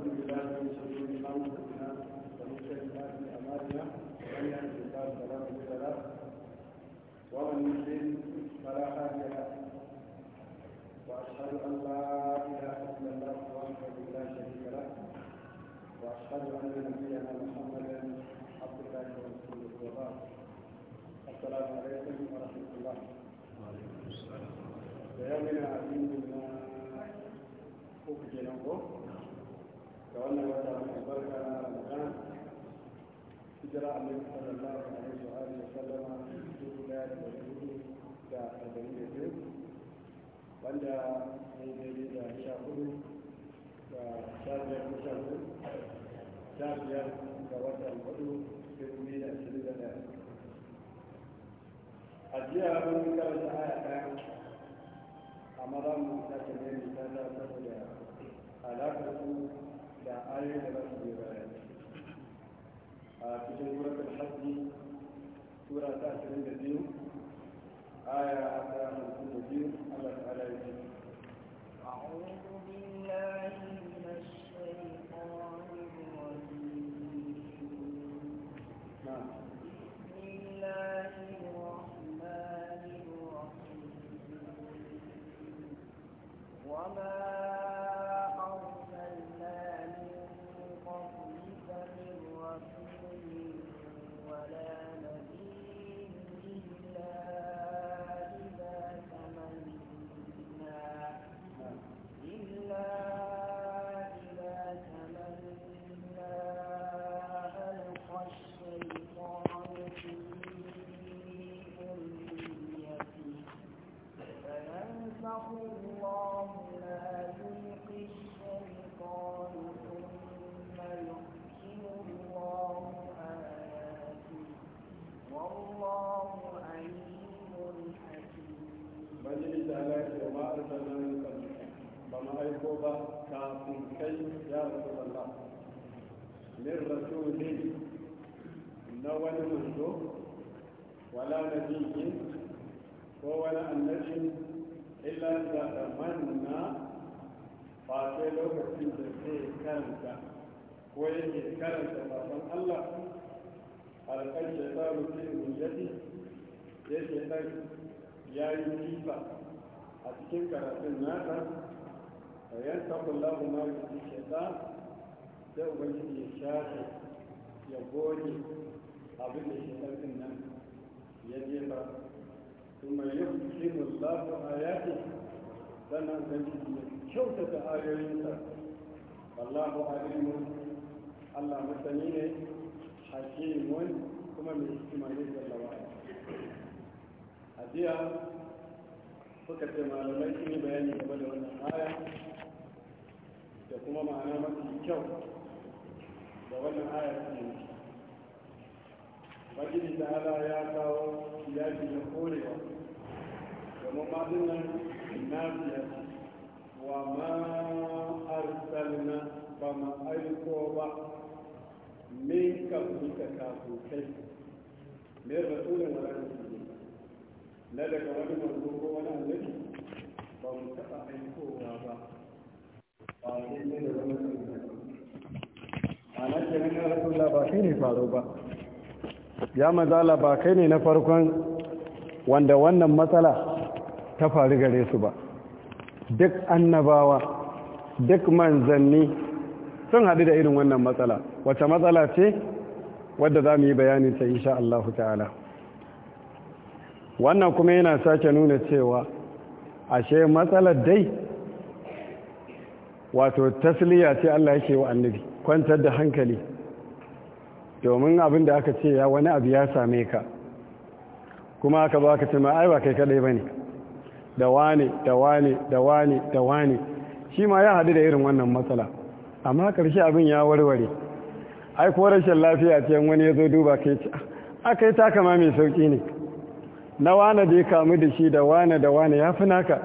ونعوذ بالله من شرور انفسنا ومن سيئات اعمالنا من يهده الله فلا مضل له ومن يضلل فلا هادي له واشهد ان لا اله الا الله وحده لا شريك له واشهد ان نبينا محمدا عبد الله ورسوله وبعد السلام عليكم ورحمه الله وعليكم السلام ويومنا عزيزنا أخرج له ga wannan wata mai albarka na ramadan hijira annabi sallallahu alaihi wa alihi wa sallama dubu daya da dubu da arba'in da biyu wanda ya daidai da sha hudu da sha biyar da sha hudu sha biyar ga watan hudu da biyu da ashirin da daya a jiya mun karanta aya ɗaya amma za sake ne ta saboda alaƙar su da ayoyin da za su allah ta'ala yi jifa a cikin karatun nata, a yan sabon labu ma yi su shaɗa sai ubangiji ya shafe ya goge abin da shi ɗarfin nan ya jefa kuma ya fi mu labu a yaƙi sannan ubangiji ya kyautata ayoyinsa wallahu alimun allah masani ne hakimun kuma mai hikima ne da lawa a jiya suka ce malamai sun yi bayani game da wannan aya da kuma ma'ana mafi kyau da wannan aya sun yi bajini da ala ya kawo yaki na korewa domin mazin nan nafiya wa ma arsalna ba ma aiko ba min kafin ka kafin kai mai rasulun wa rasulun na daga wani manzo ko wani annabi ba mu taɓa aikowa ba ba sai ne da wani ana ce na rasulullah ba kai ne faro ba ya mazala ba kai ne na farkon wanda wannan matsala ta faru gare su ba duk annabawa duk manzanni sun haɗu da irin wannan matsala wata matsala ce wadda za mu yi bayanin ta insha Allah ta'ala wannan kuma yana sake nuna cewa ashe matsalar dai wato tasliya ce Allah yake wa annabi kwantar da hankali domin abin da aka ce ya wani abu ya same ka kuma aka ba ka ce ma ai ba kai kadai bane da wane da wane da wane da wane shi ma ya hadu da irin wannan matsala amma karshe abin ya warware ai ko rashin lafiya ce wani ya zo duba kai ce aka ah, yi takama mai sauki ne na wane da ya kamu da shi da wane da wane ya fi naka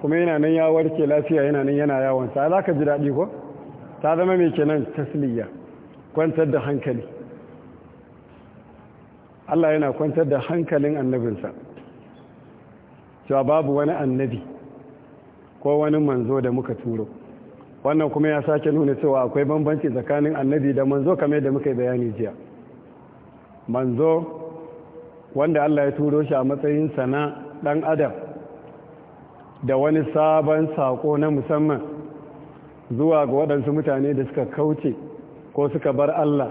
kuma yana nan ya warke lafiya yana nan yana yawon sa za ka ji daɗi ko ta zama mai kenan tasliya kwantar da hankali Allah yana kwantar da hankalin annabinsa cewa babu wani annabi ko wani manzo da muka turo wannan kuma ya sake nuna cewa akwai bambanci tsakanin annabi da manzo kamar da muka yi bayani jiya manzo wanda Allah ya turo shi a matsayin sana dan adam da wani sabon sako na musamman zuwa ga waɗansu mutane da suka kauce ko suka bar Allah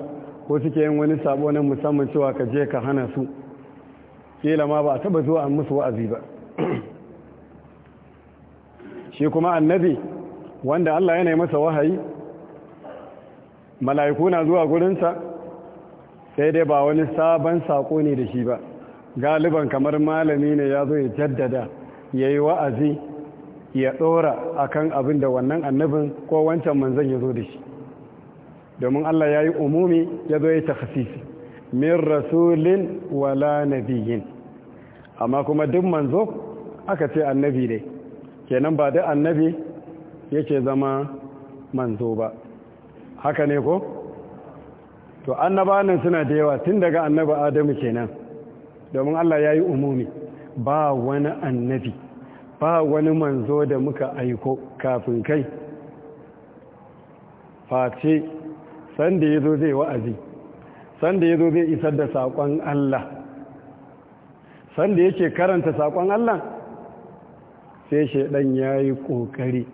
ko suke yin wani sabo na musamman cewa ka je ka hana su kila ma ba a taba zuwa an musu wa'azi ba shi kuma annabi wanda Allah yana masa wahayi mala'iku na zuwa gurinsa sai dai ba wani sabon sako ne da shi ba galiban kamar malami ne ya zo ya jaddada ya yi wa'azi ya ɗora a kan abin da wannan annabin ko wancan manzan ya zo da shi domin Allah ya yi umumi ya zo ya tafasisi min rasulin wala nabiyin amma kuma duk manzo aka ce annabi ne kenan ba da annabi yake zama manzo ba haka ne ko? to annabanin suna da yawa tun daga annaba adamu kenan domin Allah ya yi umumi ba wani annabi ba wani manzo da muka aiko kafin kai face sanda ya zo zai wa'azi sanda ya zo zai isar da saƙon Allah sanda yake karanta saƙon Allah sai shaidan ya yi ƙoƙari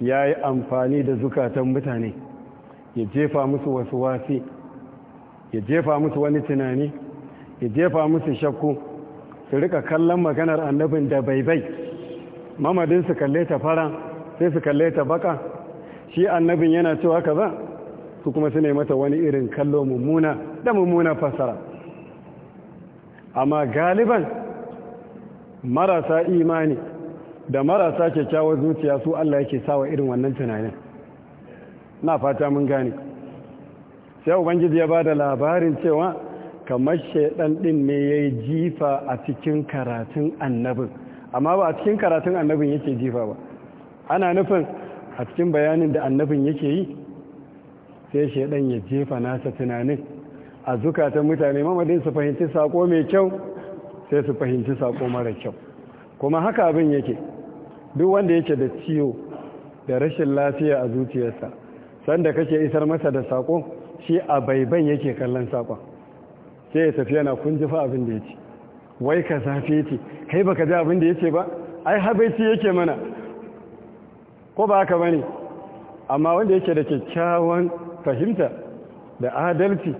ya yi amfani da zukatan mutane ya jefa musu wasu wasi ya jefa musu wani tunani ya jefa musu shakku su rika kallon maganar annabin da bai bai mamadin su kalle ta fara sai su kalle ta baka shi annabin yana cewa ba su kuma su mata wani irin kallo mummuna da mummuna fasara amma galiban marasa imani da marasa kyakkyawar zuciya su Allah yake sawa irin wannan tunanin na fata mun gane sai ubangiji ya ba da labarin cewa kamar shaidan din ne ya yi jifa a cikin karatun annabin amma ba a cikin karatun annabin yake jifa ba ana nufin a cikin bayanin da annabin yake yi sai shaidan ya jefa nasa tunanin a zukatan mutane mamadin su fahimci sako mai kyau sai su fahimci sako mara kyau kuma haka abin yake duk wanda yake da ciwo da rashin lafiya a zuciyarsa sanda kake isar masa da sako shi a baiban yake kallon sakon sai ya tafi yana kun jifa abin da ya ce wai ka zafi ce kai baka ji abin da ya ce ba ai habaici yake mana ko ba haka bane amma wanda yake da kyakkyawan fahimta da adalci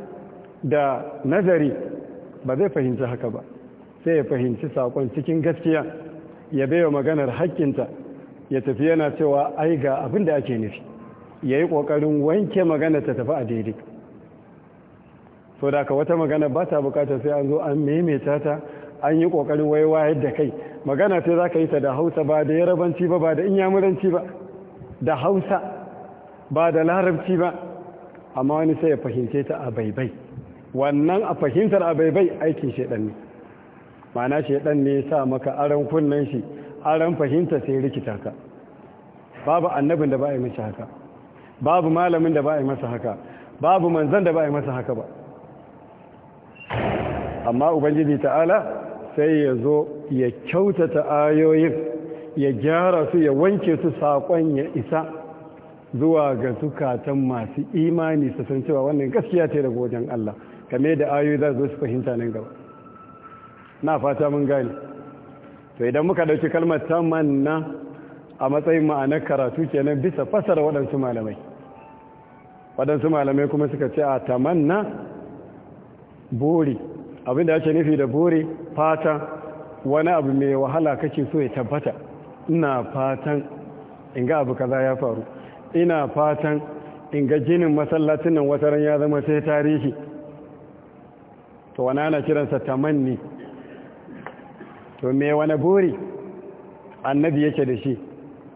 da nazari ba zai fahimci haka ba sai ya fahimci sakon cikin gaskiya ya baiwa maganar haƙƙinta ya tafi yana cewa ai ga abin da ake nufi ya yi ƙoƙarin wanke magana ta tafi a daidai so da ka wata magana ba ta bukatar sai an zo an maimaita ta an yi kokarin waiwayar da kai magana sai za ka yi ta da hausa ba da yarabanci ba ba da inyamuranci ba da hausa ba da larabci ba amma wani sai ya fahimce ta a baibai wannan a fahimtar a baibai aikin shaidan ne mana shaidan ne ya sa maka aran kunnen shi aran fahimta sai rikita ka babu annabin da ba a yi masa haka babu malamin da ba a yi masa haka babu manzan da ba a yi masa haka ba amma ubangiji ta'ala sai ya zo ya kyautata ayoyin ya gyara su ya wanke su saƙon ya isa zuwa ga zukatan masu imani su san cewa wannan gaskiya ce daga wajen Allah kame da ayoyi za su fahimta nan gaba na fata mun gane to idan muka ɗauki kalmar tamanna a matsayin ma'anar karatu kenan bisa fasara waɗansu malamai waɗansu malamai kuma suka ce a tamanna buri abin da ake nufi da buri fatan wani abu mai wahala kake so ya tabbata ina fatan in ga abu kaza ya faru ina fatan in ga jinin masallacin nan ran ya zama sai tarihi to wani ana kiransa tamanni to me wani buri annabi yake da shi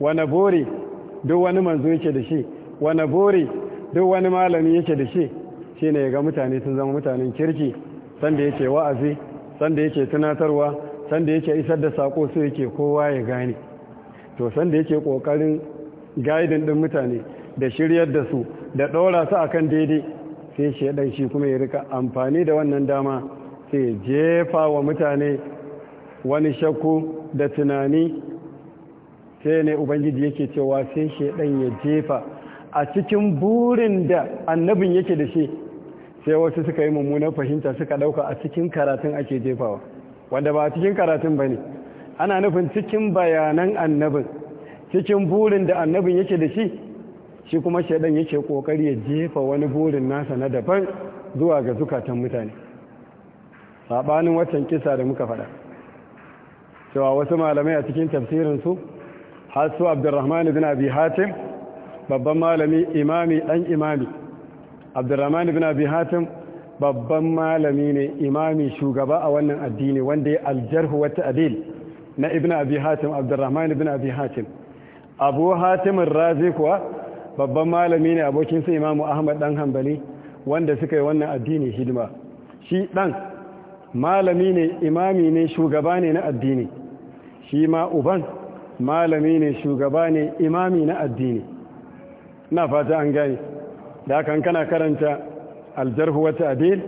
wani buri duk wani manzo yake da shi wani buri duk wani malami yake da shi shine ga mutane sun zama mutanen kirki sanda yake wa'azi sanda yake tunatarwa sanda yake isar da sako su yake kowa ya gane to sanda yake kokarin gaidin ɗin mutane da shiryar da su da ɗora su kan daidai sai ɗan shi kuma ya rika amfani da wannan dama sai jefa wa mutane wani shakku da tunani sai ne ubangiji yake cewa sai ɗan ya jefa a cikin burin da annabin yake da shi sai wasu suka yi mummunan fahimta suka ɗauka a cikin karatun ake jefawa wanda ba a cikin karatun ba ne ana nufin cikin bayanan annabin cikin burin da annabin yake da shi shi kuma shaidan yake kokari ya jefa wani burin nasa na daban zuwa ga zukatan mutane sabanin watan kisa da muka faɗa cewa wasu malamai a cikin tafsirinsu har su abdurrahman ibn abi hatim babban malami imami dan imami abdurrahman ibn abi hatim babban malami ne imami shugaba a wannan addini wanda ya aljarhu wata ta'dil na ibn abi hatim abdurrahman ibn abi hatim abu hatim razi kuwa babban malami ne abokinsa imamu ahmad dan hanbali wanda suka yi wannan addini hidima shi dan malami ne imami ne shugaba ne na addini shi ma uban malami ne shugaba ne imami na addini na fata an gane da aka kana karanta aljarhu wata adil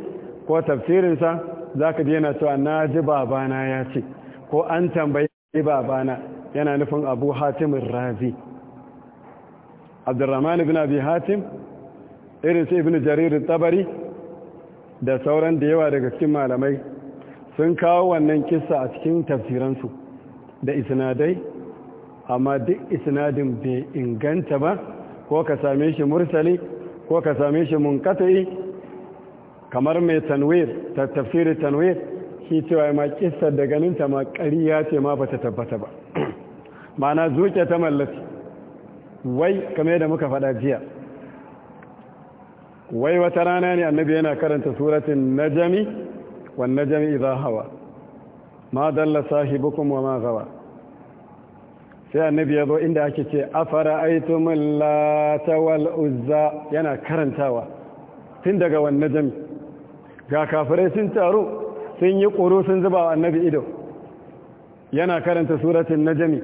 ko tafsirinsa za ka yana cewa na ji babana ya ce ko an tambayi babana yana nufin abu hatimin razi abdurrahman ibn abi hatim irin ibn jarir tabari da sauran da yawa daga cikin malamai sun kawo wannan kisa a cikin tafsiransu da isnadai amma duk isnadin bai inganta ba ko ka same shi mursali ko ka same shi mun munqati kamar mai tanwir ta tafsiri tanwir shi cewa ma kissar da ganin ta ma ya ce ma bata tabbata ba ma'ana zuke ta mallaki wai kame da muka faɗa jiya wai wata rana ne annabi yana karanta suratin najami wa najami za hawa ma dalla sahibukum wa ma gawa sai annabi ya zo inda ake ce afara aitumul lata wal uzza yana karantawa tun daga wannan jami ga kafirai sun taru sun yi ƙoro sun zuba wa annabi ido yana karanta suratun najami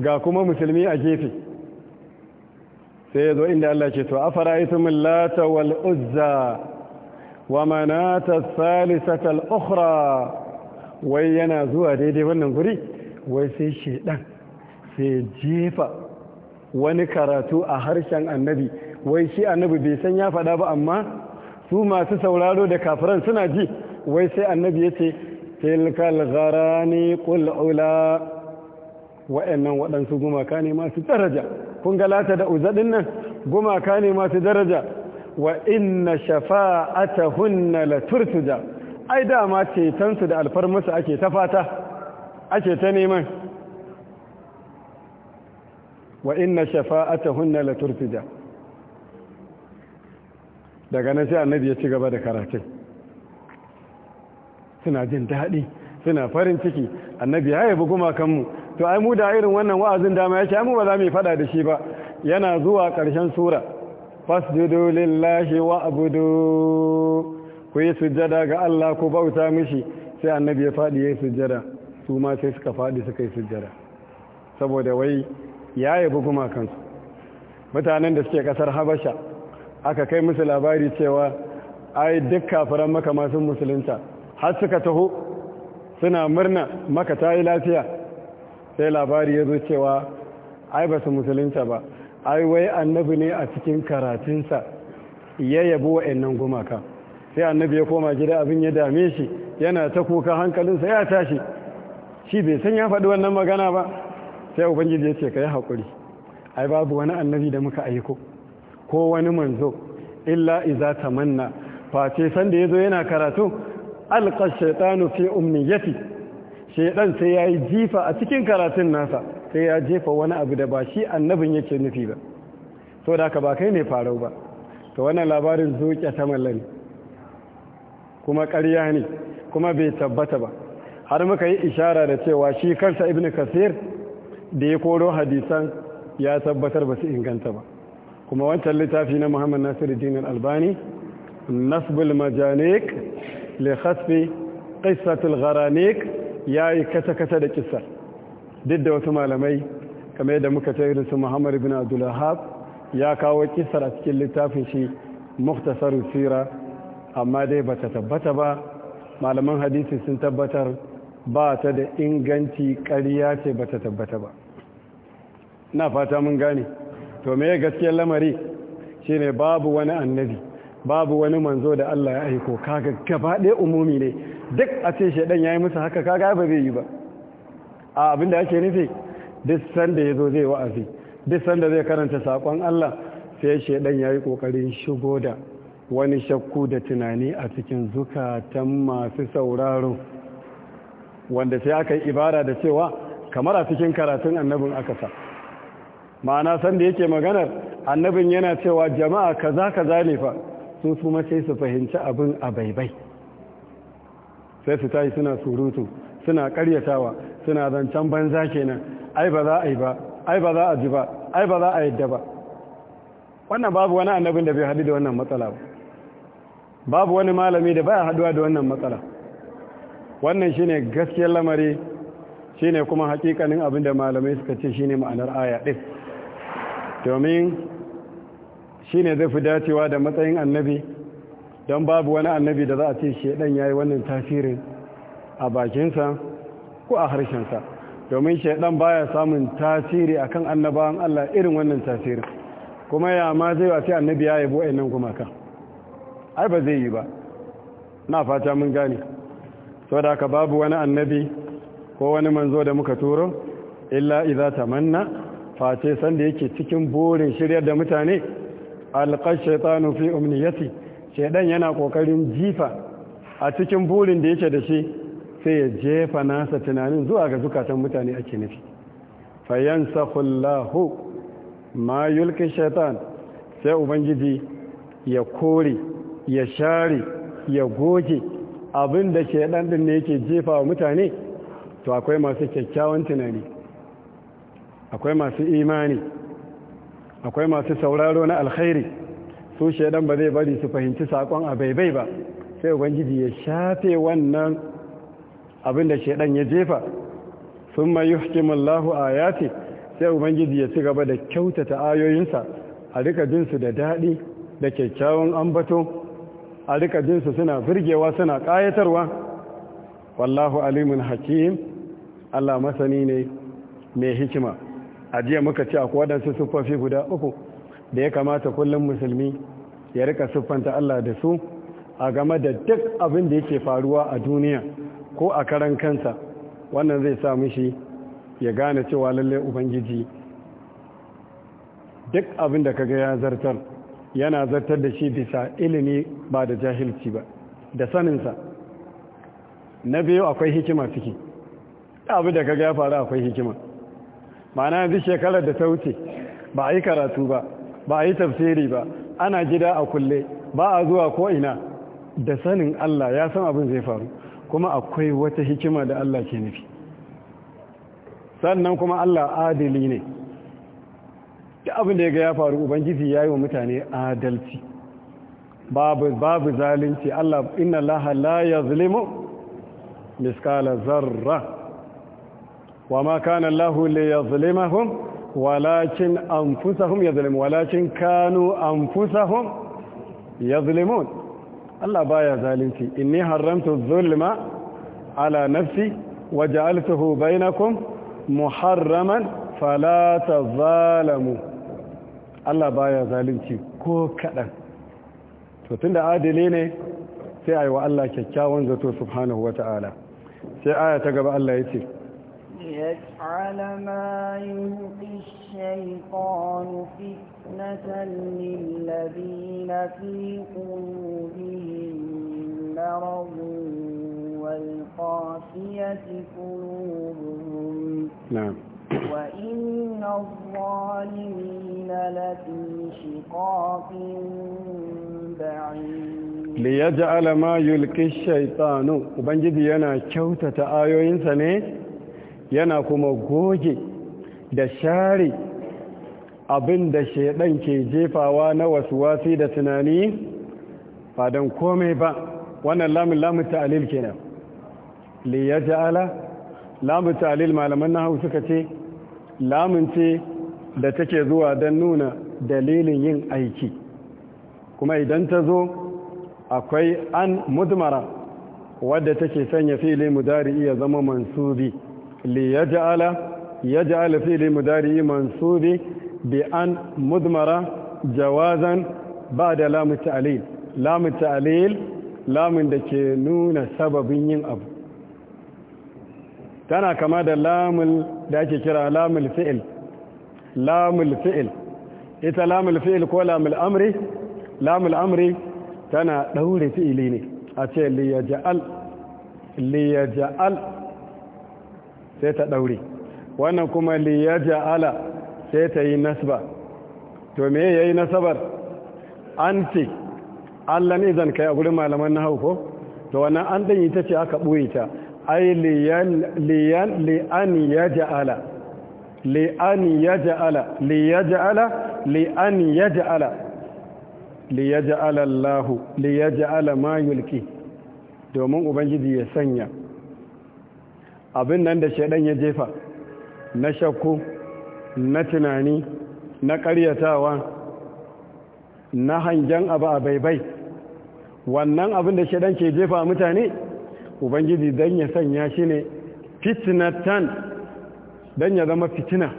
ga kuma musulmi a gefe sai ya zo inda Allah ce to afara aitumul lata wal uzza wa manata salisatal ukhra wai yana zuwa daidai wannan guri wai sai shedan sai jefa wani karatu a harshen annabi wai shi annabi bai san ya faɗa ba amma su masu sauraro da kafiran suna ji wai sai annabi ya ce tilkal gharani qul'ula wa'annan waɗansu gumaka ne masu daraja kun ga da uzadin nan gumaka ne masu daraja wa inna hunna la turtuja ai dama cetonsu da alfarmasu ake ta fata ake ta neman wa inna shafa'atahunna la daga nan sai annabi ya ci gaba da karatun suna jin daɗi suna farin ciki annabi ya yabi gumakanmu to ai mu da irin wannan wa'azin dama ya ce mu ba za mu yi faɗa da shi ba yana zuwa ƙarshen sura fasjudu lillahi wa abudu ku yi sujjada ga Allah ku bauta mishi sai annabi ya faɗi ya yi sujjada su ma sai suka faɗi suka yi sujjada saboda wai ya yabi gumakansu mutanen da suke kasar habasha aka kai musu labari cewa ai duk kafiran maka masu musulunta har suka taho suna murna maka ta yi lafiya sai labari ya zo cewa ai ba su musulunta ba ai wai annabi ne a cikin karatunsa ya yabi wa'annan gumaka sai annabi ya koma gida abin ya dame shi yana ta kuka hankalinsa ya tashi shi bai san ya faɗi wannan magana ba sai ubangiji ya ce ka yi haƙuri ai babu wani annabi da muka aiko ko wani manzo illa iza tamanna face san da zo yana karatu alqa shaytanu fi umniyati shaydan sai yayi jifa a cikin karatun nasa sai ya jefa wani abu da ba shi annabin yake nufi ba to da ka ba kai ne farau ba to wannan labarin zuƙe ta mallani kuma ƙarya ne kuma bai tabbata ba har muka yi ishara da cewa shi kansa ibnu kasir da ya koro hadisan ya tabbatar ba su inganta ba kuma wancan littafi na muhammad nasiru dinar albani nasbul majanik le hasfi ƙisatul gharanik ya yi kata-kata da kisa duk da wasu malamai kamar yadda muka ta irinsu muhammad ibn abdullahab ya kawo ƙisar a cikin littafin shi muktasarun sira amma dai ba ta tabbata ba malaman hadisi sun tabbatar ba ta da inganci ƙariya ce ba ta tabbata ba na fata mun gane to me gaskiyar lamari ne babu wani annabi babu wani manzo da Allah ya aiko kaga gaba ɗaya umumi ne duk a ce shaidan yi musu haka kaga ba zai yi ba a abinda ake nufi duk sanda ya zo zai wa'azi duk sanda zai karanta saƙon Allah sai ya yi ƙoƙarin shigo da wani shakku da tunani a cikin zukatan masu sauraro wanda sai aka yi ibara da cewa kamar a cikin karatun annabin aka sa ma'ana san da yake maganar annabin yana cewa jama'a kaza kaza ne fa su kuma sai su fahimci abin a baibai sai su tashi suna surutu suna karyatawa suna zancen banza kenan ai ba za a yi ba ai ba za a ji ba ai ba za a yadda ba wannan babu wani annabin da bai haɗu da wannan matsala ba babu wani malami da baya haɗuwa da wannan matsala wannan shine gaskiyar lamari shine kuma hakikanin abinda malamai suka ce shine ma'anar aya din domin shine zai fi dacewa da matsayin annabi don babu wani annabi da za a ce shedan yayi wannan tasirin a bakinsa ko a harshensa domin shaidan baya samun tasiri akan annabawan Allah irin wannan tasirin kuma ya ma zai wace annabi ya yi nan kuma gumaka ai ba zai yi ba na fata mun gane saboda aka babu wani annabi ko wani manzo da muka turo illa idza tamanna face san da yake cikin burin shiryar da mutane alqa shaytanu fi umniyati shaidan yana kokarin jifa a cikin burin da yake da shi sai ya jefa nasa tunanin zuwa ga zukatan mutane ake nufi hulahu ma yulki shaytan sai ubangiji ya kore ya share ya goge abin da ke ɗan ne yake jefa wa mutane to akwai masu kyakkyawan tunani akwai masu imani akwai masu sauraro na alkhairi su shaidan ba zai bari su fahimci sakon a baibai ba sai ubangiji ya shafe wannan abin da shaidan ya jefa sun mai a ayati sai ubangiji ya ci gaba da kyautata ayoyinsa a rika jinsu da daɗi da kyakkyawan ambato a rika jinsu suna birgewa suna ƙayatarwa wallahu alimun hakim Allah masani ne mai hikima a jiya muka ce akwai waɗansu siffofi guda uku da ya kamata kullum musulmi ya rika siffanta Allah da su a game da duk abin da yake faruwa a duniya ko a karan kansa wannan zai sa mishi ya gane cewa lallai ubangiji duk abin da kaga ya zartar yana zartar da shi bisa ilimi ba da jahilci ba da saninsa na biyu akwai hikima ciki abu da kaga ya faru akwai hikima ma'ana yanzu shekarar da ta wuce ba a yi karatu ba ba a yi tafsiri ba ana gida a kulle ba a zuwa ko ina da sanin Allah ya san abin zai faru kuma akwai wata hikima da Allah ke nufi sannan kuma Allah adili ne duk abin da ya ga ya faru ubangiji ya yi wa mutane adalci babu zalunci Allah inna laha la zulimu miskala zarra wa ma kana Allah li zulimahum walakin anfusahum zulimu walakin kanu anfusahum zulimu Allah ya zalunci inni haramtu zulma ala nafsi ja'altuhu bainakum muharraman fala tazalamu Allah baya zalunci ko kaɗan to tunda adali ne sai a yi wa Allah kyakkyawan zato subhanahu wa ta'ala sai aya ta gaba Allah ya ce يجعل ما يلقي الشيطان فتنة للذين نعم وإن الظالمين لفي شقاق بعيد ليجعل ما يلقي الشيطان ubangiji yana kyautata ayoyinsa ne yana kuma goge da share abin da shaidan ke jefawa na wasuwasi da tunani ba don komai ba wannan lamun lamun ta'alil kenan liyaja'ala lamun ta'alil malaman hau suka ce lamun ce da take zuwa don nuna dalilin yin aiki kuma idan ta zo akwai an mudmara wadda take sanya fili mudari ya zama mansubi li ya ja'ala ya ja'ala fili mudari mansubi bi an mudmara jawazan ba da lamun ta'alil lamun ta'alil lamun da ke nuna sababin yin abu tana kama da lamun da ake kira lamul fi'il lamul fi'il ita lamul fi'il ko lamul amri lamul amri tana daure fi'ili ne a ce liyaja'al liyaja'al sai ta daure wannan kuma liyaja'ala sai ta yi nasba to me yayi nasabar anti allan idan kai a gurin malaman na ko to wannan an dan yi ta ce aka ɓoye ta ai li'an ya ja'ala li'an ya ja'ala li'ya ja'ala li'an ya ja'ala li'ya ja'ala Allahu li'ya ja'ala ma yulki domin ubangiji ya sanya abin nan da shaidan ya jefa na shakku na tunani na karyatawa na hangen abu a baibai wannan abin da shaidan ke jefa mutane ubangiji don ya sanya shi ne fitnatan don ya zama fitina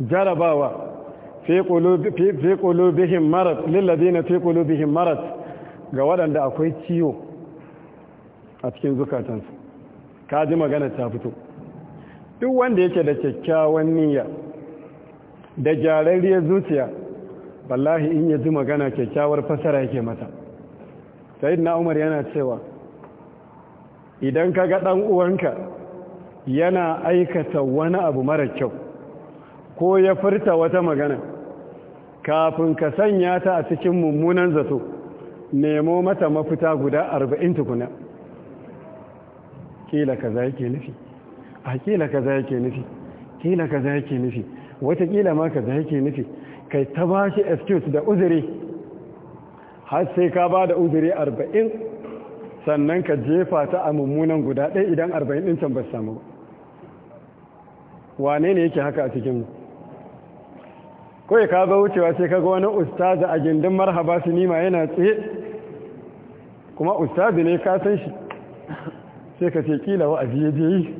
jarabawa fi marat marad lilladheena fi ga waɗanda akwai ciwo a cikin zukatansu ka ji magana ta fito duk wanda yake da kyakkyawan niyya da jararriyar zuciya wallahi in ya ji magana kyakkyawar fasara yake mata na umar yana cewa idan ka ga ɗan uwanka yana aikata wani abu mara kyau ko ya furta wata magana kafin ka sanya ta a cikin mummunan zato nemo mata mafita guda arba'in tukuna kila kaza yake nufi a kila kaza yake nufi kila kaza yake nufi watakila ma kaza yake nufi kai ta ba shi excuse da uzuri har sai ka ba da uzuri arba'in sannan ka jefa ta a mummunan guda ɗaya idan arba'in ɗin can ba su samu wane ne yake haka a cikin kawai ka kaza wucewa sai ka ga wani ustazi a gindin marhaba su nima yana tsaye kuma ustazi ne ka san shi sai ka ce kila wa ya je yi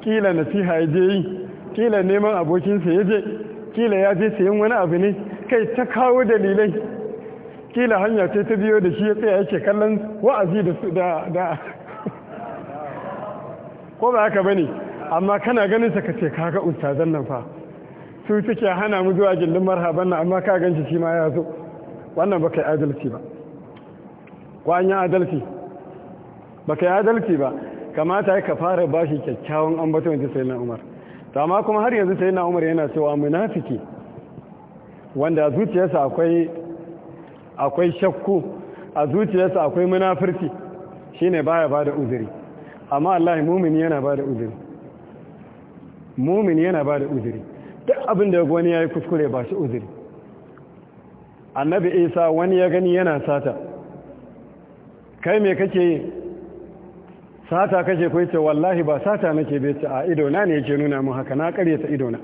kila nasiha ya je yi kila neman abokinsa ya je kila ya je sayan wani abu ne kai ta kawo dalilai kila hanya ce ta biyo da shi ya tsaye yake kallon wa'azi da da ko ba haka bane amma kana ganin sa kace kaga ustazan nan fa su suke hana mu zuwa gindin marhaban nan amma ka ganci shi ma ya zo wannan baka yi adalci ba ko an yi adalci baka yi adalci ba kamata ka fara bashi kyakkyawan ambaton sai na Umar to amma kuma har yanzu sai na Umar yana cewa munafiki wanda zuciyarsa akwai akwai shakku a zuciyarsa akwai munafurci shine baya bada uzuri amma Allah mumini yana bada uzuri mumini yana bada uzuri duk abin da wani yayi kuskure ba shi uzuri annabi Isa wani ya gani yana sata kai me kake yi sata kake ko ce wallahi ba sata nake bai ce a idona ne yake nuna mu haka na ta idona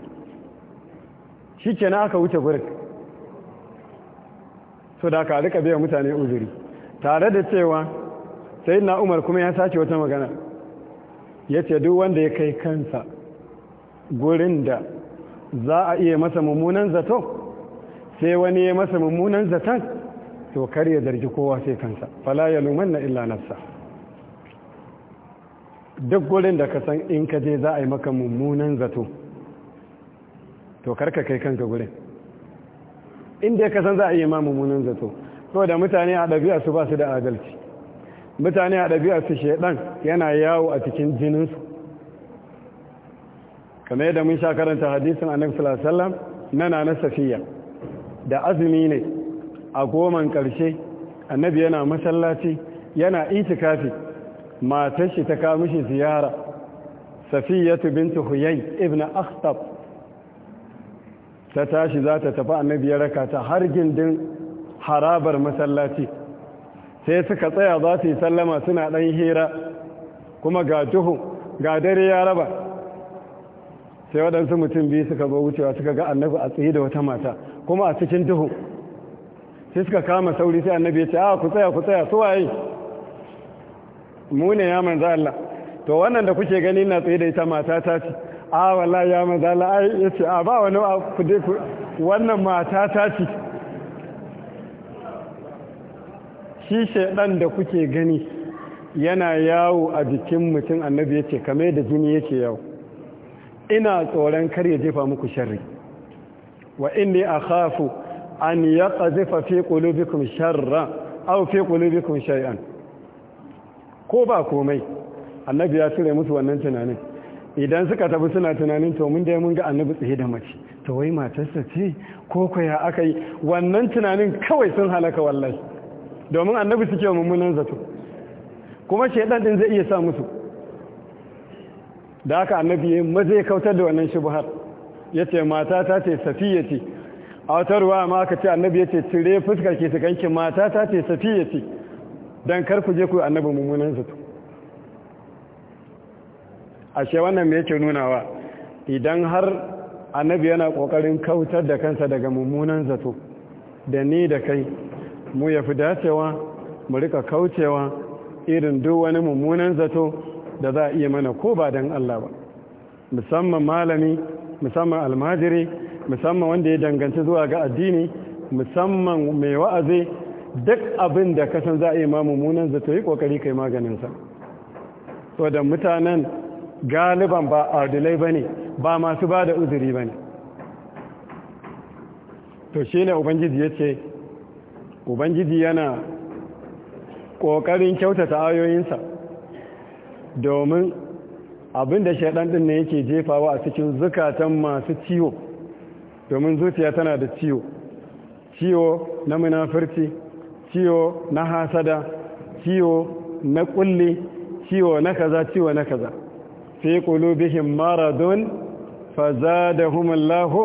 shikenan aka wuce gurin so da ka rika biya mutane uzuri tare da cewa sai na umar kuma ya sace wata magana ya ce duk wanda ya kai kansa gurin da za a iya masa mummunan zato sai wani ya masa mummunan zaton to kar ya zargi kowa sai kansa fala ya na illa nafsa duk gurin da ka san in ka je za a yi maka mummunan zato to karka kai kanka gurin inda ya kasan za a yi ma munin zato da mutane a ɗabi'a su ba su da adalci mutane a ɗabi'a su shaidan yana yawo a cikin jininsu kamar yadda mun sha karanta hadisin annabi sallallahu alaihi na na safiya da azumi ne a goman ƙarshe annabi yana masallaci yana itikafi matar shi ta kawo mishi ziyara safiyatu bintu huyay ibn akhtab ta tashi za ta tafi annabi ya raka ta har gindin harabar masallaci sai suka tsaya za su yi sallama suna ɗan hira kuma ga duhu ga dare ya raba sai waɗansu mutum biyu suka zo wucewa suka ga annabi a tsaye da wata mata kuma a cikin duhu sai suka kama sauri sai annabi ya ce a ah, ku tsaya ku tsaya su waye mu ne ya manzo Allah to wannan da kuke gani na tsaye da ita mata ta ce a wala ya mazala ai ce a ba wani ku wannan mata ta ce shi shaidan da kuke gani yana yawo a jikin mutum annabi ya ce kamar da jini ya ce yawo ina tsoron kar ya jefa muku sharri wa inni akhafu an yaqdhifa fi qulubikum sharra aw fi qulubikum shari'an ko ba komai annabi ya cire musu wannan tunanin idan suka tafi suna tunanin to mun dai mun ga annabi tsaye da mace to wai matarsa ce ko kwaya aka yi wannan tunanin kawai sun halaka wallahi domin annabi suke mummunan zato kuma shaidan din zai iya sa musu da haka annabi ya maza kautar da wannan shubhar ya ce mata ta ce safiya a wata ruwa ma aka ce annabi ya ce cire fuskar ke su ganki mata ta ce safiya don kar ku je ku annabi mummunan zato ashe wannan me yake nunawa idan har annabi yana kokarin kautar da kansa daga mummunan zato da ni da kai mu yafi dacewa mu rika kaucewa irin duk wani mummunan zato da za a iya mana ko ba dan Allah ba musamman malami musamman almajiri musamman wanda ya danganci zuwa ga addini musamman mai wa'azi duk abin da kasan za a yi ma mummunan zato yi kokari kai maganinsa saboda mutanen galiban ba adilai ba ne ba masu ba da uzuri ba ne to shi ne ubangiji ya ce ubangiji yana ƙoƙarin kyautata ayoyinsa domin abinda shaɗan ɗin ne yake jefawa a cikin zukatan masu ciwo domin zuciya tana da ciwo ciwo na munafurci ciwo na hasada ciwo na ƙulli ciwo na kaza ciwo na kaza fi qulubihim maradun fazadahum Allahu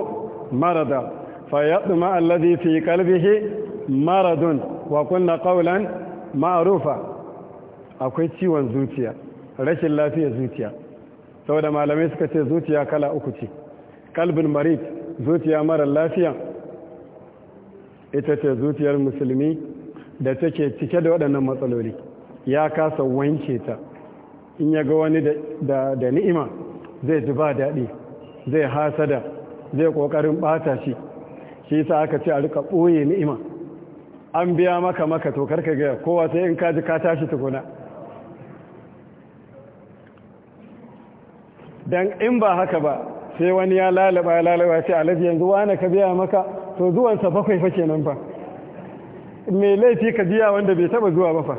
marada fayatma alladhi fi qalbihi maradun wa kunna qawlan ma'rufa akwai ciwon zuciya rashin lafiyar zuciya saboda malamai suka ce zuciya kala uku ce kalbin marid zuciya mara lafiya ita ce zuciyar musulmi da take cike da waɗannan matsaloli ya kasa wanke ta in ya ga wani da ni'ima zai ji ba daɗi zai hasada zai ƙoƙarin ɓata shi shi sa aka ce a rika ɓoye ni'ima an biya maka maka to ka gaya kowa sai in kaji ka tashi tukuna don in ba haka ba sai wani ya lalaba ya lalaba sai alaji yanzu wane ka biya maka to zuwansa bakwai fa kenan fa mai laifi ka biya wanda bai taba zuwa ba fa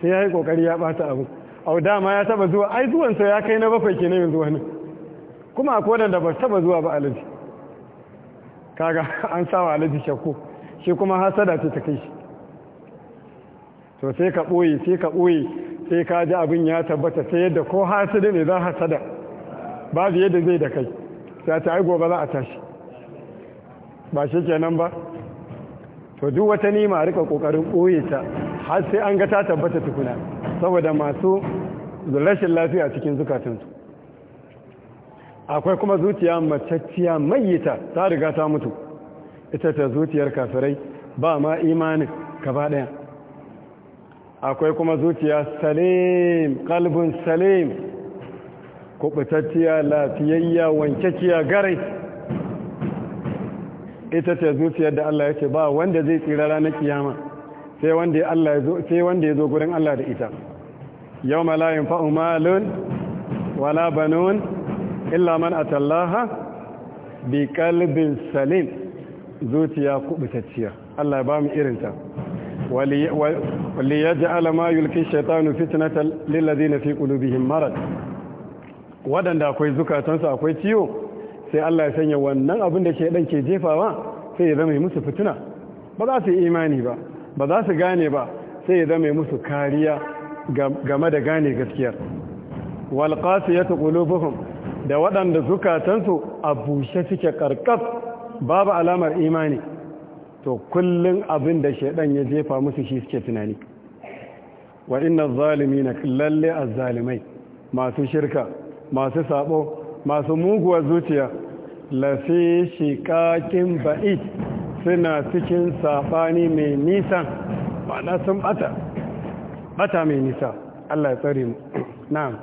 sai ya yi kokari ya bata abu au dama ya taba zuwa ai zuwansa ya kai na bakwai kenan yanzu wani kuma akwai wadanda ba taba zuwa ba alaji kaga an sawa alaji shakku shi kuma hasada ce ta kai shi to sai ka ɓoye sai ka ɓoye sai ka ji abin ya tabbata sai yadda ko hasada ne za hasada babu yadda zai da kai sai ta ai gobe za a tashi ba shi kenan ba to duk wata nima a rika kokarin ɓoye ta har sai an ga ta tabbata tukuna saboda masu rashin lafiya cikin zukatunsu akwai kuma zuciya macacciya mayyita ta riga ta mutu ita ta zuciyar kafirai ba ma imanin gaba ɗaya akwai kuma zuciya salim kalbin salim kubutacciya lafiyayya wankakkiya garai ita ce zuciyar da Allah ya ce ba wanda zai tsira ranar kiyama sai wanda ya zo gurin Allah da ita yawma la yanfa'u malun wala banun illa man a tallaha bi kalbin salim zuciya kubutacciya Allah ba mu irin ta wali ji alama yulqi shaitanu fitnatan lillazi na fi qulubihim marar wadanda akwai zukatansu akwai ciwo sai Allah ya sanya wannan abin da ke ɗan ke jefawa sai ya zama yi musu fitina ba za su yi imani ba ba za su gane ba sai ya zama musu kariya game da gane gaskiyar ya qulubuhum da waɗanda zukatansu a bushe suke karkaf babu alamar imani to kullum abin da shaidan ya jefa musu shi suke tunani wa inna na lalle azzalimai masu shirka masu sabo masu muguwar zuciya lafi shiƙaƙin ba'id suna cikin safani mai nisan ma'ana sun bata bata mai nisa Allah ya tsare mu na'am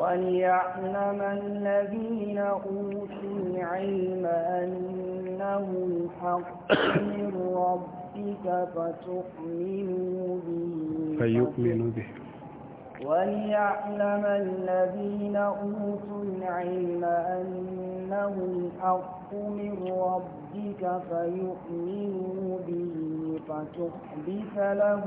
وليعلم الذين أوتوا العلم أنه الحق من ربك فتؤمنوا به فيؤمنوا به وليعلم الذين أوتوا العلم أنه الحق من ربك فيؤمنوا به فتخبت له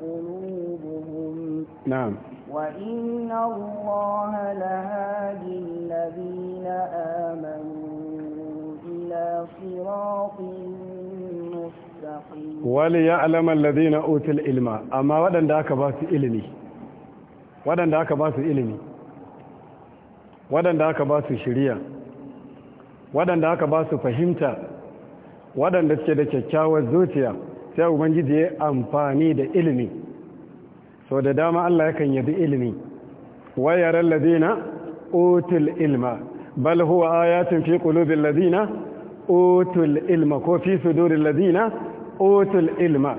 قلوبهم نعم وإن الله لهادي الذين آمنوا إلى صراط مستقيم وليعلم الذين أوتوا العلم أما ودن ذاك باس إلمي waɗanda aka ba su ilimi waɗanda aka ba su shirya waɗanda aka ba su fahimta waɗanda suke da kyakkyawar zuciya sai ubangiji ya amfani da ilimi sau da dama Allah yakan yabi ilimi wayarar ladina otul ilma bal huwa ayatin fi qulubil ladina otul ilma ko fi sudurin ladina otul ilma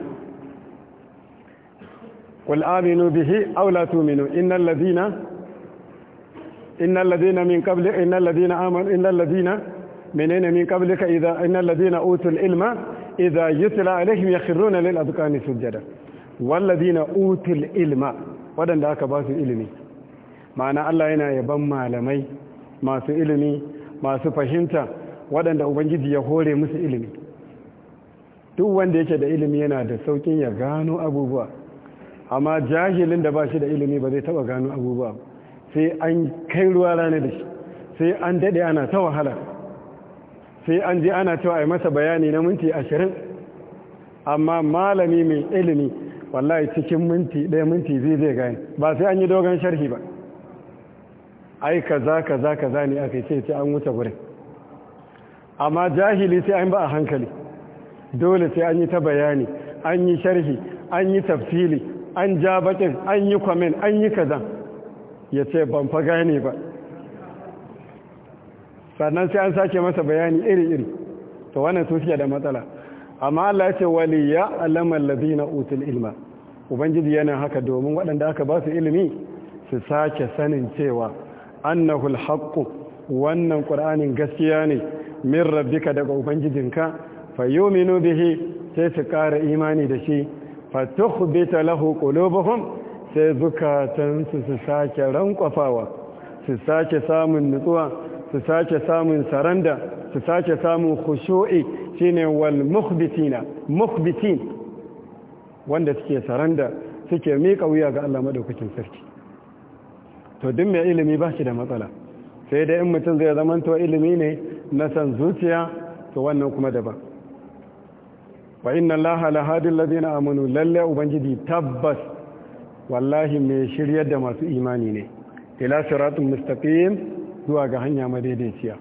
قل آمنوا به أو لا تؤمنوا إن الذين إن الذين من قبل إن الذين آمنوا إن الذين من منين من قبلك إذا إن الذين أوتوا العلم إذا يتلى عليهم يخرون للأذقان سجدا والذين أوتوا العلم ودن ذاك باسوا إلمي معنى الله هنا يبن malamai masu ilimi masu fahimta waɗanda ubangiji ya hore musu ilimi duk wanda yake da ilimi yana da saukin ya gano abubuwa amma jahilin da ba shi da ilimi ba zai taba gano abubuwa sai an kai ruwa rana da shi sai an dade ana ta wahala sai an je ana cewa a masa bayani na minti ashirin amma malami mai ilimi wallahi cikin minti ɗaya minti biyu zai gani ba sai an yi dogon sharhi ba ai kaza kaza kaza ne aka ce ce an wuce gurin amma jahili sai an ba a hankali dole sai an yi ta bayani an yi sharhi an yi tafsili an ja bakin an yi kwamin an yi kazan ya ce ban fa gane ba sannan sai an sake masa bayani iri-iri to wannan su da matsala amma Allah ya ce wali ya alamar na utul ilma ubangiji yana haka domin waɗanda aka ba su ilimi su sake sanin cewa annahul haqqu wannan qur'anin gaskiya ne min rabbika daga ubangijinka fa yu'minu bihi sai su ƙara imani da shi fatukhbita lahu qulubuhum sai zukatansu su sake rankwafawa su sake samun nutsuwa su sake samun saranda su sake samun khushu'i shine wal mukhbitina mukhbitin wanda suke saranda suke miƙa wuya ga Allah madaukakin sarki to duk mai ilimi ba shi da matsala sai dai in mutum zai zamanto ilimi ne na san zuciya to wannan kuma daban wa inna allaha la hadin alladhina amanu lalle ubangiji tabbas wallahi mai shiryar da masu imani ne ila siratul mustaqim zuwa ga hanya madaidaiciya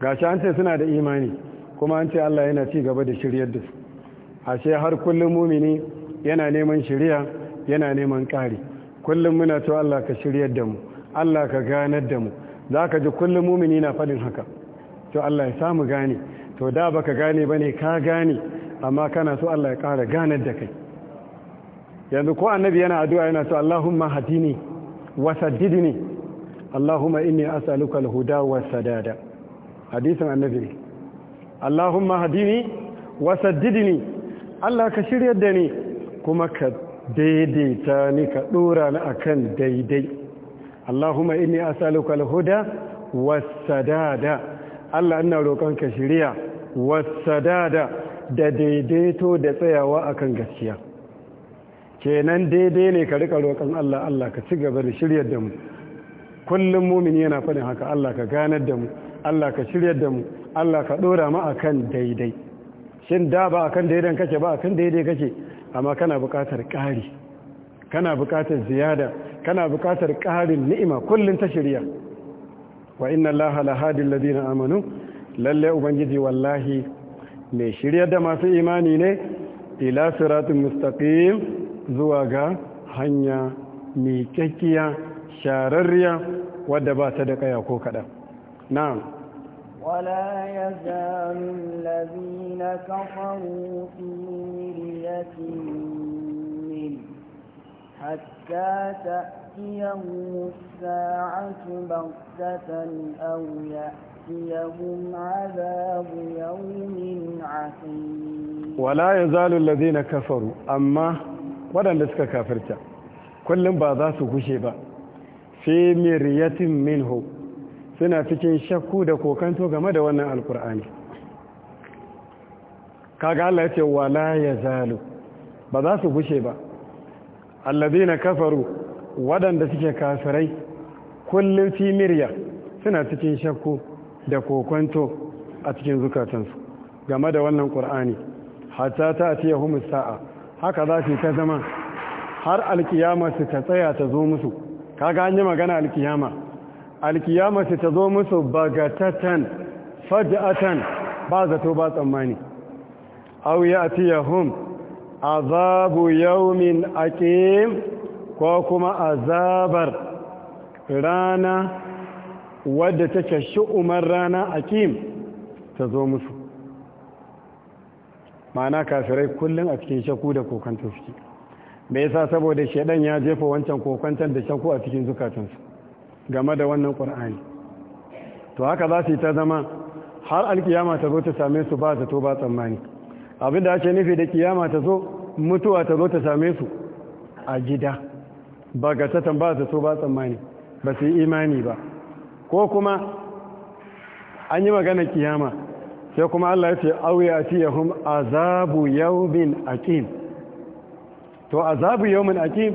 Ga shi an ce suna da imani kuma an ce Allah yana ci gaba da shiryar da su ashe har kullum mumini yana neman shirya yana neman ƙari kullum muna to Allah ka shiryar da mu Allah ka ganar da mu za ka ji kullum mumini na faɗin haka to Allah ya samu gane to da baka gane ba ne ka gane amma kana so Allah ya ƙara ganar da kai yanzu ko annabi yana addu'a yana so Allahumma hadini wa saddidni Allahumma inni as'aluka al-huda wa sadada hadisin annabi Allahumma hadini wa saddidni Allah ka shiryar da ni kuma ka daidaita ni ka dora ni akan daidai Allahumma inni as'aluka al-huda wa sadada Allah ina roƙon ka shirya. wasadada da daidaito da tsayawa akan gaskiya kenan daidai ne ka rika roƙon Allah Allah ka ci gaba da shiryar da mu kullum mumin yana faɗin haka Allah ka ganar da mu Allah ka shiryar da mu Allah ka ɗora mu akan daidai shin da ba akan daidan kake ba akan daidai kake amma kana buƙatar ƙari kana buƙatar ziyada kana buƙatar ƙarin ni'ima kullum ta shirya wa inna allaha la hadi alladhina amanu lalle ubangiji wallahi mai shirya da masu imani ne ila siratun mustaqim zuwa ga hanya miƙaƙiya shararriya wadda ba ta da kaya ko kaɗan na'am ولا يزال الذين كفروا في مرية منه حتى تأتيهم الساعة بغتة أو يأتيهم عذاب يوم عقيم ولا يزال الذين كفروا أما waɗanda suka كافرتا kullum ba za su gushe ba fi minhu suna cikin shakku da kokanto game da wannan alkur'ani kaga Allah ya ce wala ya zalu ba za su gushe ba allazina kafaru waɗanda suke kafirai kullum fi mirya suna cikin shakku da kokwanto a cikin zukatansu game da wannan ƙur'ani Hata ta ya humus sa'a haka za su ta zama har alkiyama su ta tsaya ta zo musu ka an magana alkiyama alkiyama su ta zo musu ba ga bagatatan faj'atan ba zato ba tsammani ya a zabu yau azabu yaumin aqim ko kuma azabar rana wadda take shi'umar rana akim ta zo musu ma'ana kafirai kullum a cikin shaku da kokanta suke me yasa saboda shedan ya jefa wancan kokantar da shaku a cikin zukatansu game da wannan ƙwar'ani to haka za su yi ta zama har alkiyama ta zo ta same su ba zato ba tsammani abinda ake nufi da kiyama ta zo mutuwa ta zo ta same su a gida ba ga ta tambaya ta so ba tsammani ba su yi imani ba ko kuma an yi magana kiyama sai kuma Allah ya ce auya ci ya hum azabu yawmin akim to azabu yawmin akim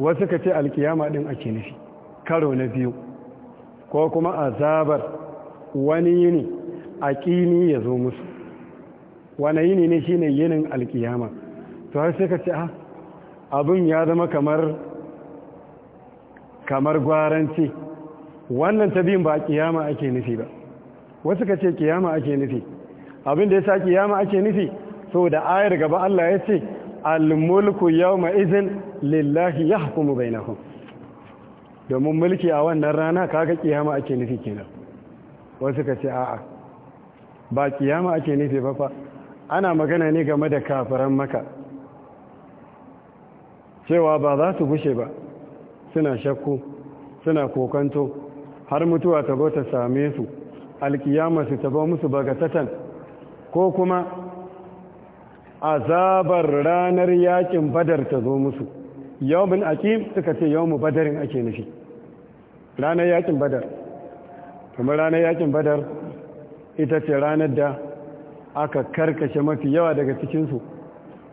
wasu ka ce alkiyama din ake nufi karo na biyu ko kuma azabar wani yini aqimi ya zo musu wani yini ne shi ne yinin alkiyama to har sai ka ce ah abin ya zama kamar kamar gwaranci wannan ta biyun ba kiyama ake nufi ba wasu ka ce kiyama ake nufi abin da ya sa kiyama ake nufi da ayar gaba Allah ya ce al-mulku yawma izin lillahi yahkumu bainahum domin mulki a wannan rana kaga kiyama ake nufi kenan wasu ka ce a'a ba kiyama ake nufi ba fa ana magana ne game da kafiran maka cewa ba za su bushe ba suna shakku suna kokanto har mutuwa ta ta same su alkiyama su taba musu bagatatan ko kuma azabar ranar yakin badar ta zo musu yawmin akim suka ce yawmu badarin ake nufi ranar yakin badar kuma ranar yakin badar ita ce ranar da aka karkashe mafi yawa daga cikinsu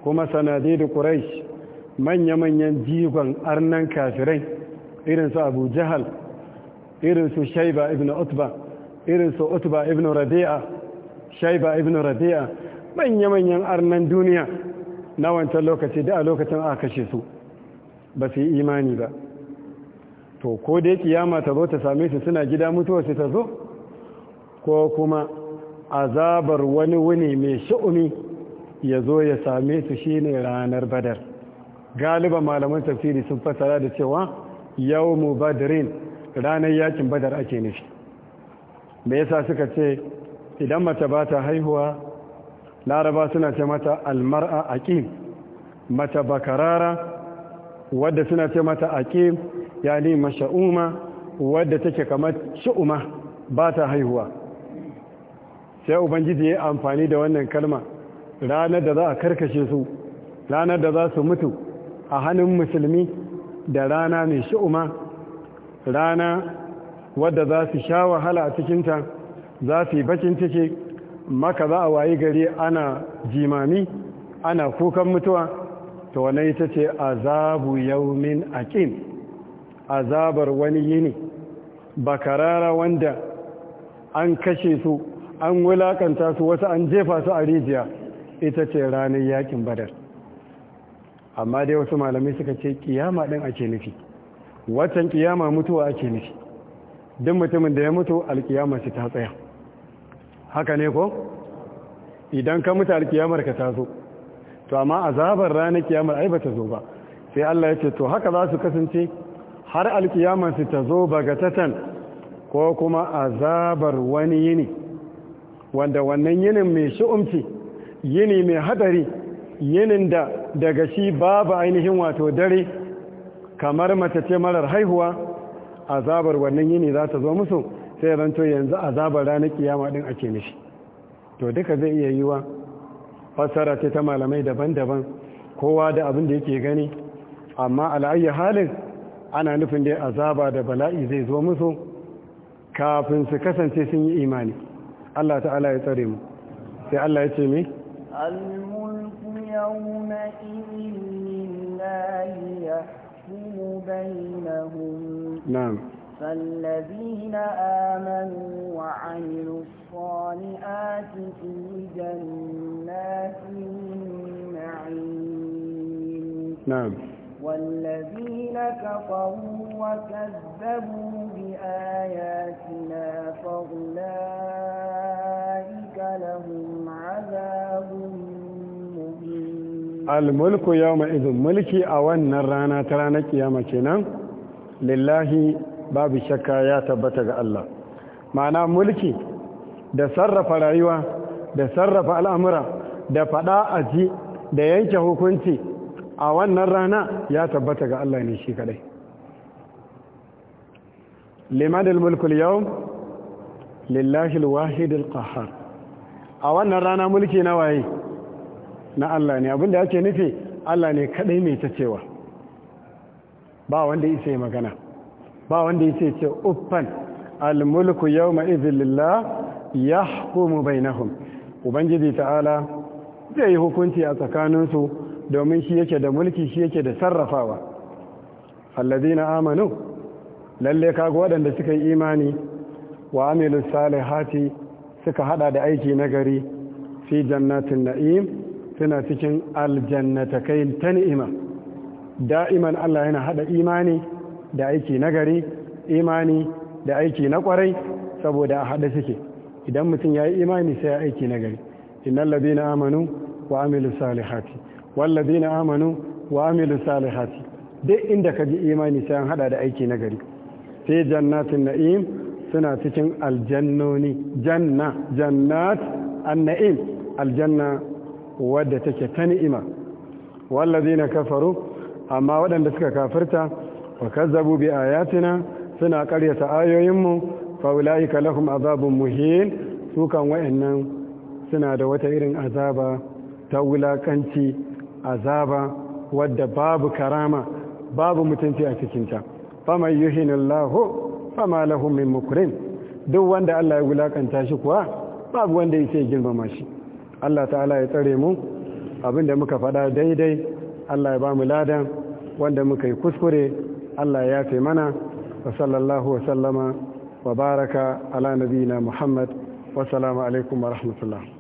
kuma sanadi da quraish manya-manyan jigon arnan kafirai irin su abu jihal irin su shaiba ibn utba irin su utba ibn rabi'a shaiba ibn rabi'a manya-manyan arnan duniya na wancan lokaci da a lokacin a kashe su ba su yi imani ba to ko dai kiyama ta zo ta same su suna gida mutuwa su ta zo ko kuma azabar wani wuni mai sha'umi ya zo ya same su shine ranar badar galiban malaman tafsiri sun fassara da cewa yawmu badrin ranar yakin badar ake nufi me yasa suka ce idan mace ba ta haihuwa laraba suna ce mata almar'a aqim mace bakarara wadda suna ce mata aqim yani masha'uma wadda take kamar shu'uma ba ta haihuwa sai ubangiji ya amfani da wannan kalma ranar da za a karkashe su ranar da za su mutu a hannun musulmi da rana mai shi'uma rana wadda za su sha wahala a cikinta za su yi bakin ciki maka za a wayi gari ana jimami ana kukan mutuwa to wane ita ce azabu yaumin aqim azabar wani yini bakarara wanda an kashe su an wulaƙanta su wasu an jefa su a rijiya ita ce ranar yakin badar amma dai wasu malamai suka ce kiyama din ake nufi watan kiyama mutuwa ake nufi duk mutumin da ya mutu alkiyama shi ta tsaya haka ne ko idan ka mutu alkiyamar ka ta zo to amma azabar ranar kiyamar ai bata zo ba sai Allah ya ce to haka za su kasance har alkiyama su ta zo ba gatatan ko kuma azabar wani yini wanda wannan yinin mai shi'umci yini mai hadari yinin da daga shi babu ainihin wato dare kamar mace ce marar haihuwa azabar wannan yini za ta zo musu sai ranto yanzu azabar ranar kiyama din ake nishi to duka zai iya yiwa fassara ce ta malamai daban-daban kowa da abin da yake gani amma al'ayyar halin ana nufin da azaba da bala'i zai zo musu kafin su kasance sun yi imani Allah ta'ala ya tsare mu sai Allah ya ce mai الملك يومئذ لله يحكم بينهم نعم فالذين آمنوا وعملوا الصالحات في جنات النعيم نعم والذين كفروا وكذبوا بآياتنا فأولئك almulku yawma idhin mulki a wannan rana ta ranar kiyama kenan lillahi babu shakka ya tabbata ga Allah ma'ana mulki da sarrafa rayuwa da sarrafa al'amura da fada aji da yanke hukunci a wannan rana ya tabbata ga Allah ne shi kadai liman almulku yawm lillahi alwahid alqahhar a wannan rana mulki na waye na Allah ne abinda yake nufi Allah ne kadai mai ta cewa ba wanda isa yi magana ba wanda isa ce uffan almulku yawma idhil bai na hun ubangiji ta'ala zai yi hukunci a tsakaninsu domin shi yake da mulki shi yake da sarrafawa na amanu lalle kagu waɗanda suka yi imani wa amilu salihati suka hada da aiki nagari fi jannatin na'im suna cikin aljannatakai ta ni'ima da'iman Allah yana hada imani da aiki na gari imani da aiki na kwarai saboda a hada suke idan mutum ya yi imani sai ya aiki na gari innal ladina amanu wa amilu salihati wal ladina amanu wa amilu salihati duk inda ka ji imani sai an hada da aiki na gari sai jannatin na'im suna cikin aljannoni janna jannat an na'im aljanna wadda take ta ni'ima wallazina kafaru amma waɗanda suka kafirta wa kazzabu bi ayatina suna ƙaryata ayoyinmu fa ulaika lahum azabun muhin su kan wayannan suna da wata irin azaba ta wulakanci azaba wadda babu karama babu mutunci a cikinta faman yuhinillahu fama lahum min mukrim duk wanda Allah ya wulakanta shi kuwa babu wanda yake girmama shi Allah ta'ala ya tsare mu abinda muka faɗa daidai Allah ya ba mu ladan wanda muka yi kuskure Allah ya yafe mana wa sallallahu wa sallama wa baraka ala nabiyina Muhammad wa salamu alaikum wa rahmatullah